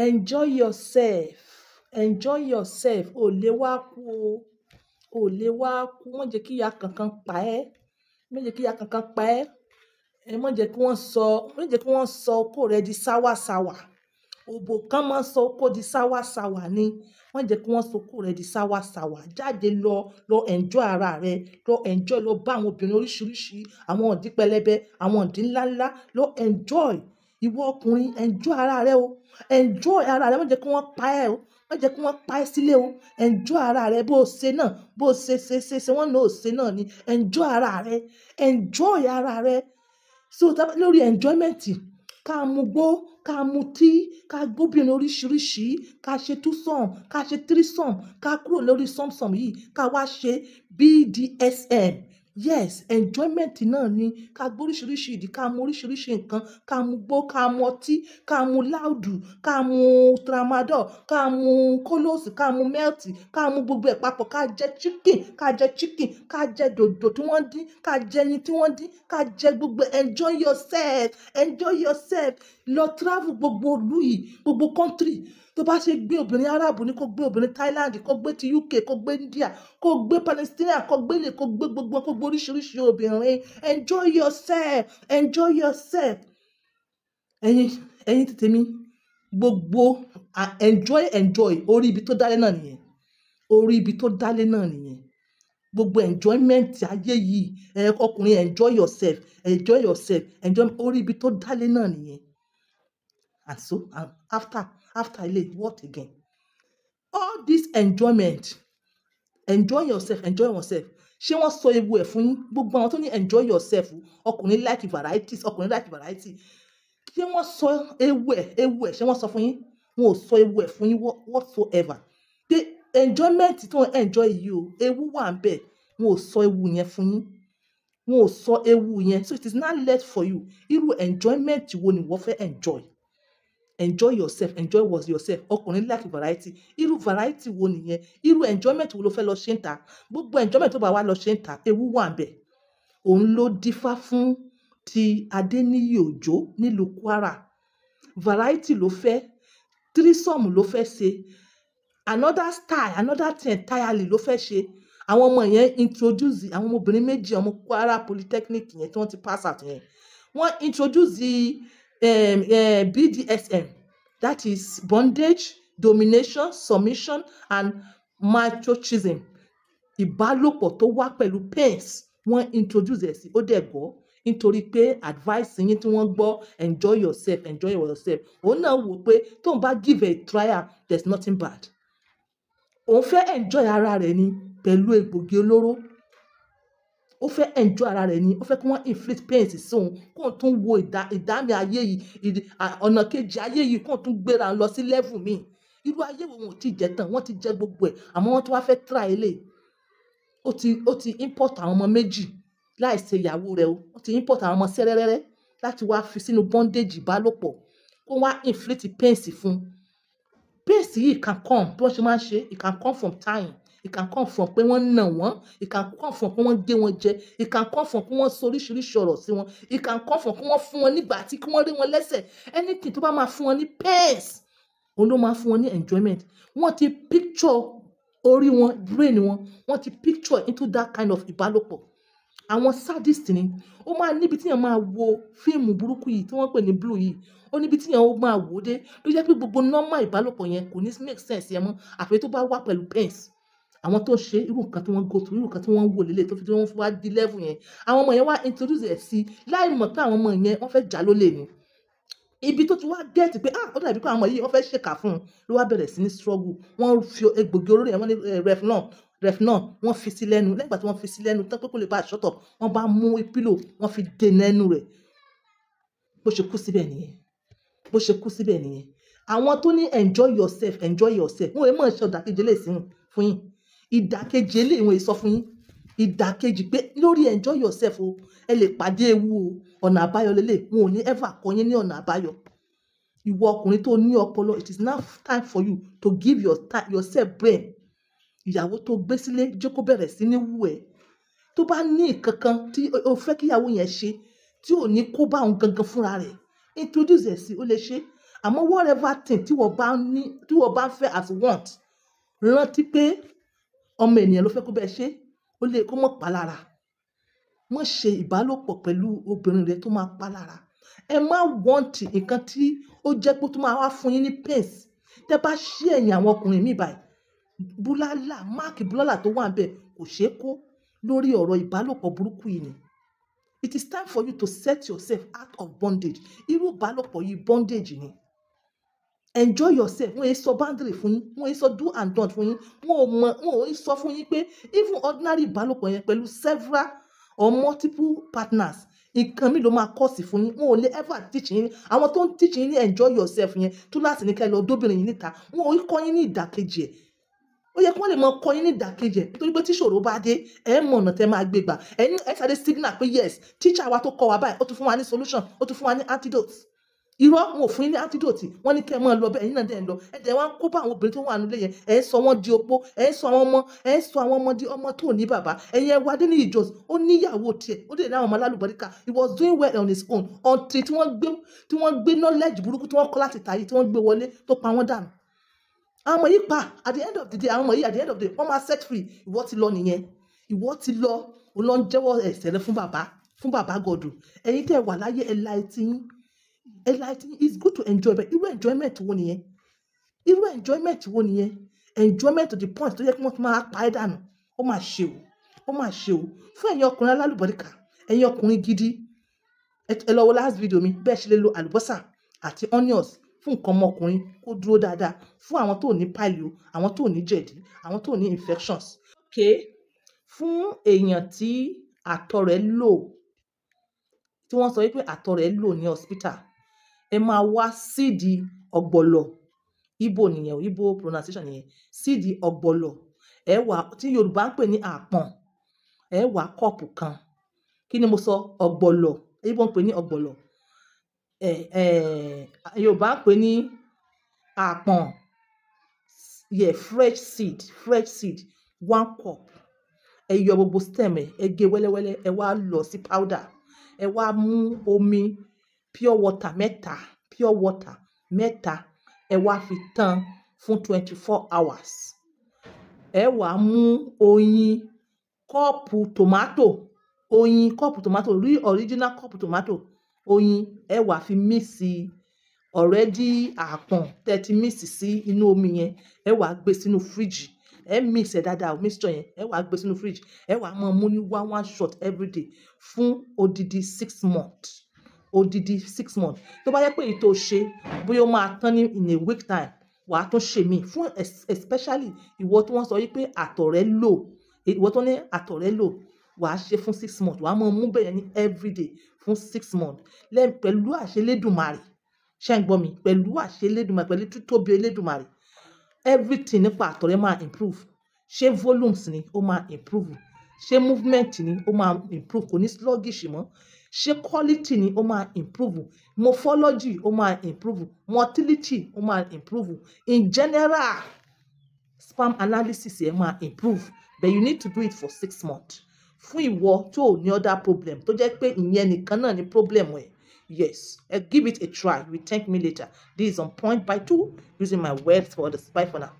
Enjoy yourself. Enjoy yourself. O lè wá kú o. O lè wá kú. Má jẹ́ kí ìyà kankan pa ẹ́. Má jẹ́ kí ìyà kankan pa ẹ́. Ẹ má jẹ́ kí wọ́n sọ, má jẹ́ kí wọ́n sọ okó rẹ di sáwàsáwà. Òbò kan máa ń sọ okó di sáwàsáwà ni. Má jẹ́ kí wọ́n sọ okó rẹ di sáwàsáwà. Jáde lọ, lọ enjoy ara rẹ. Lọ enjoy, lọ bá àwọn obìnrin oríṣiríṣi, àwọn idí pẹlẹbẹ, àwọn idí ńlá ńlá. Lọ enjoy. Ìwọ ọkùnrin, enjoy ara rẹ o. Enjoy ara rẹ. Má jẹ́ kí wọ́n pa ẹ́ o. Má jẹ́ kí wọ́n pa ẹ́ sílé o. Enjoy ara rẹ bó ṣe náà. Bó ṣe ṣe ṣe ṣe wọ́n náà ó ṣe náà ni. Enjoy ara rẹ. Enjoy ara rẹ. So lórí enjoyment, ká mu gbó, ká mu tí, ká gbé obìnrin oríṣiríṣi, ká ṣe twosome, ká ṣe threesome, ká kúrò lórí sumsum yìí, ká wá ṣe BDSM. Yes, enjoyment náà ni. Ka gbọ́ oríṣiríṣi ìdí, ká mu oríṣiríṣi nǹkan, ká mu gbó, ká mu ọtí, ká mu láùdù, ká mu tramadol, ká mu kólòsì, ká mu melt, ká mu gbogbo ẹ̀ papọ̀, ká jẹ chicken, ká jẹ chicken, ká jẹ dòdò tí wọ́n dín, ká jẹ ẹyin tí wọ́n dín, ká jẹ gbogbo enjoy yourself, enjoy yourself. Lọ travel gbogbo ìlú yìí, gbogbo country tó bá ṣe gbé obìnrin arab ní kó gbé obìnrin thailand kó gbé ti uk kó gbé india kó gbé palestine kó gbé lè kó gbé gbogbo kó gbé oríṣiríṣi obìnrin enjoy yourself enjoy yourself ẹyin ẹyin tètè mi gbogbo enjoy enjoy orí ibi tó dálé náà nìyẹn orí ibi tó dálé náà nìyẹn gbogbo enjoyment ayé yìí ẹ ọkùnrin enjoy yourself enjoy yourself enjoy orí ibi tó dálé náà nìyẹn and so and um, after after I eléyìí what again all this enjoyment enjoy yourself enjoy yourself ṣé wọ́n sọ ewu ẹ̀ fún yín gbogbo àwọn tó ní enjoy yourself ọkùnrin like varieties ọkùnrin like variety ṣé wọ́n sọ ewu ẹ̀ ewu ẹ̀ ṣé wọ́n sọ fún yín wọn ò sọ ewu ẹ̀ fún yín whatsoever the enjoyment tó ń enjoy yìí o ewu wà ń bẹ̀ wọn ò sọ ewu yẹn fún yín wọn ò sọ ewu yẹn so it is not left for you irú enjoyment wo ni wọ́n fẹ́ enjoy enjoy yourself enjoy was yourself ọkùnrin like variety irú variety wo nìyẹn irú enjoyment wo ló fẹ́ lọ ṣe ń ta gbogbo enjoyment tó bá wá lọ ṣe ń ta ewu wà ń bẹ̀ òun ló dífá fún ti adéníyì òjó nílùú kwara variety ló fẹ́ tírísọ̀mù ló fẹ́ ṣe another style another thing entirely ló fẹ́ ṣe àwọn ọmọ yẹn introduce àwọn ọmọbìnrin méjì ọmọ kwara polytechnic yẹn tí wọ́n ti pass out yẹn wọ́n introduce um, uh, eh, BDSM that is bondage, domination, submission and masochism. Ìbálòpọ̀ tó wá pẹ̀lú pains wọ́n introduce ẹ̀ sí ó dẹ̀ gbọ́ nítorí pé advice yín tí wọ́n gbọ́ enjoy yourself enjoy yourself òun náà wò pé tóun bá give a trial there is nothing bad. Òun fẹ́ enjoy ara rẹ̀ ni pẹ̀lú egbògi olóró ó fẹ́ enjoy ara rẹ̀ ni ó fẹ́ kí wọ́n inflict pain sí òun kó o tún wo ìdámì ayé yìí ọ̀nà kejì ayé yìí kó o tún gbéra lọ sí level mi irú ayé wo wọn ò tí ì jẹ tán wọ́n ti jẹ gbogbo ẹ̀ àmọ́ wọ́n tún wá fẹ́ try eléyìí ó ti ó ti import àwọn ọmọ méjì láì ṣe ìyàwó rẹ̀ o ó ti import àwọn ọmọ sẹ́rẹ́rẹ́rẹ́ láti wá fi sínú bondage ìbálòpọ̀ kó wá inflict pain fún un yìí can come bí wọ́n ṣe máa ń ṣe it can come from time it can come from pé wọ́n nà wọ́n it can come from pé wọ́n gé wọn jẹ it can come from pé wọ́n sọ oríṣiríṣi ọ̀rọ̀ sí wọn it can come from pé wọ́n fún wọn nígbà àti kí wọ́n rí wọn lẹ́sẹ̀ anything tó bá máa fún wọn ní pains òun ló máa fún wọn ní enjoyment wọ́n ti picture orí wọn brain wọn wọ́n ti picture into that kind of ìbálòpọ̀ àwọn sadist ni ó máa níbi tíyàn máa wo fíìmù burúkú yìí tí wọ́n pè ní blue yìí ó níbi tíyàn ó máa wò ó dé ló jẹ́ pé gbogbo normal ìbálòpọ̀ yẹn kò ní make sense yẹn mọ́ àfi tó bá wà pẹ̀lú pence àwọn tó ṣe irú nǹkan tí wọ́n go through irú nǹkan tí wọ́n wò lélẹ̀ tó fi tí wọ́n wá di level yẹn àwọn ọmọ yẹn wá introduce ẹ̀ sí láì mọ̀ pé àwọn ọmọ yẹn wọ́n fẹ́ jà lólè ni ibi tó ti wá gẹ́ẹ̀tì pé ah ó dàbí pé àwọn ọmọ yìí wọ́n fẹ́ ṣèkà fún un ló wá bẹ̀rẹ̀ sí ní struggle wọ́n fi egbògi olóró yẹn wọ́n ní eh, ref náà ref náà wọ́n fi sí lẹ́nu lẹ́gbàá tí wọ́n fi sí lẹ́nu tán pé kó lè bá a shut up wọ́n bá mú pílò wọ́n fi dènà ẹnu rẹ̀ bó ṣe kú síbẹ̀ nìyẹn bó ṣe enjoy yourself enjoy yourself wọn ò mọ̀ ṣe ọ̀dà kejì lè sí fún yín ìdàkejì eléyìí wọn sọ fún yín ìdàkejì pé lórí enjoy yourself o ẹ lè pàdé ewu o ọ̀nà àbáyọ lélẹ̀ wọn ò ní ever kọ́ yín ní ọ̀nà àbáyọ ìwọ ọkùnrin tó ní ọpọlọ it is now time for you to give your time yourself brain ìyàwó tó gbé sílé jẹ́ kó bẹ̀rẹ̀ sí ní wù ẹ́ tó bá ní nǹkan kan tí o fẹ́ kíyàwó yẹn ṣe tí ò ní kó bá òun gangan fúnra rẹ̀ introduce ẹ̀ sí ó lè ṣe àmọ́ whatever thing tí wọ́n bá ní tí wọ́n bá fẹ́ as want rántí pé ọmọ ènìyàn ló fẹ́ kó bẹ́ẹ̀ ṣe ó lè kó mọ̀ pa lára ṣe ìbálòpọ̀ pẹ̀lú obìnrin rẹ tó máa pa ẹ má wọ́ǹtì nǹkan tí ó jẹ́ pé tó máa wá fún yín ní pains tẹ́ bá ṣí ẹ̀yìn àwọn ọkùnrin mi báyìí búlálà máàkì búlálà tó wà níbẹ̀ kò ṣeé kó lórí ọ̀rọ̀ ìbálòpọ̀ burúkú yìí ni it is time for you to set yourself out of bondage irú ìbálòpọ̀ yìí bondage ni enjoy yourself wọn yìí sọ boundary fún yín wọn yìí sọ do and don't fún yín wọn ò mọ wọn ò yìí sọ fún yín pé even ordinary ìbálòpọ̀ yẹn pẹ̀lú several or multiple partners nǹkan mi ló máa kọ́ọ̀sì fún yín wọn ò lè ever teach yín àwọn tó ń teach yín ní enjoy yourself yẹn tó láti ní ká lọ dóbìnrin yìí níta wọn ò kọ́ yín ní ìdàkejì ẹ̀ ó yẹ kí wọ́n lè mọ kọ́ yín ní ìdàkejì ẹ̀ nítorí pé tíṣòro bá dé ẹ̀ mọ̀ ọ̀nà tẹ́ máa gbé gbà ẹ̀ ní ẹ̀ sáré signal pé yes teacher wa tó kọ́ wa báyìí ó tún fún wa ní solution ó tún fún wa ní antidote irọ́ wọn ò fún yín ní antidote wọ́n ní kẹ́ ẹ máa lọ ẹ̀yin náà dẹ̀ ń lọ ẹ̀dẹ̀ wá ń kó bá àwọn obìnrin tó wà nílé yẹn ẹ̀ ń sọ wọ́n di opó ẹ̀ ń sọ àwọn ọmọ ẹ̀ ń sọ àwọn ọmọ di ọmọ tó ní bàbá ẹ̀yin ẹ̀wà dé ní ìjọ ó níyàwó tiẹ̀ ó dẹ̀ láwọn ọmọ alálùbọ́díkà he was doing well on his own until tí wọ́n gbé tí wọ́n gbé knowledge burúkú tí wọ́n kọ́ láti tàyè tí wọ́n gbé wọlé tó pa wọ́n dànù àwọn ọmọ yìí pa at the end of the day àwọn ọmọ yìí at the end of the day set free ìwọ ti lọ nìyẹn ìwọ ti lọ òun lọ ń jẹ́wọ́ ẹ̀ṣẹ̀ rẹ fún bàbá fún bàbá gọdù ẹ̀yin tẹ́ wà enlightening is good to enjoy but irú enjoyment wo nìyẹn irú enjoyment wo nìyẹn enjoyment to the point tó yẹ kí wọ́n tún máa pa ẹ́ dànù ó máa ṣe o ó máa ṣe o fún ẹ̀yin ọkùnrin alálùbọ́dìkà ẹ̀yin ọkùnrin gidi ẹ lọ wo last video mi bẹ́ẹ̀ ṣe lè lo àlùbọ́sà àti onions fún nǹkan ọmọkùnrin kó dúró dáadáa fún àwọn tó ní pálíò àwọn tó ní jẹ̀dí àwọn tó ní infections. ok fún èèyàn tí àtọ̀ rẹ̀ lò tí wọ́n sọ wípé àtọ̀ rẹ̀ lò ní hospital ẹ máa wá síìdì ọ̀gbọ̀lọ̀. Ibo nìyẹn, Igbo pronunciation nìyẹn. Síìdì ọ̀gbọ̀lọ̀, ẹ wà, tí Yorùbá ń pè ní àpọ̀n, ẹ wà kọ́ọ̀pù kan. Kí ni mo sọ? Ọ̀gbọ̀lọ̀. Igbo ń pè ní ọ̀gbọ̀lọ̀. Ẹ̀, ẹ́, Yorùbá ń pè ní àpọ̀n. Yeah, fresh seed, fresh seed, one cup. Ẹ yọ gbogbo stem ẹ, ẹ gé wẹ́lẹ́wẹ́lẹ́, ẹ wá lọ sí powder. Ẹ wá mú omi pure water mẹ́ta pure water mẹ́ta ẹ wá fi tán fún twenty four hours ẹ wà á mú oyin kọ́ọ̀pù tòmátò oyin kọ́ọ̀pù tòmátò rí original kọ́ọ̀pù tomato. oyin ẹ wà á fi míìsì ọ̀rẹ́dì àpọ̀n tẹ́tí míìsì sí inú omi yẹn ẹ wà á gbé sínú fíríjì ẹ mix ẹ dáadáa mixture yẹn ẹ wà á gbé sínú fíríjì ẹ wà á máa mú ní one one shot everyday fún odidi six months odidi six months tó bá yẹ pé èyí tó ṣe bóyá ó máa tán ní in a week time wàá tún ṣe mí fún especially ìwọ tí wọ́n sọ yìí pé àtọ̀ rẹ lò ìwọ tó ní àtọ̀ rẹ lò wàá ṣe fún six months wàá máa mú bẹ̀rẹ̀ ní everyday fún six months lẹ́yìn pẹ̀lú àṣelédùmarè ṣé ń gbọ́ mi pẹ̀lú àṣelédùmarè pẹ̀lú títóbi elédùmarè everything nípa àtọ̀ rẹ máa improve ṣé volumes ni ó máa improve ṣé movement ni ó máa improve kò ní sluggish mọ́ ṣé quality ni ó máa improve morphology ó máa improve motility ó máa improve in general spam analysis ẹ máa improve but you need to do it for six months fún ìwọ tó o ní other problem tó jẹ́ pé ìyẹn nìkan náà ni problem ẹ̀ yes give it a try you thank me later this is on point by two using my words for the spy for now.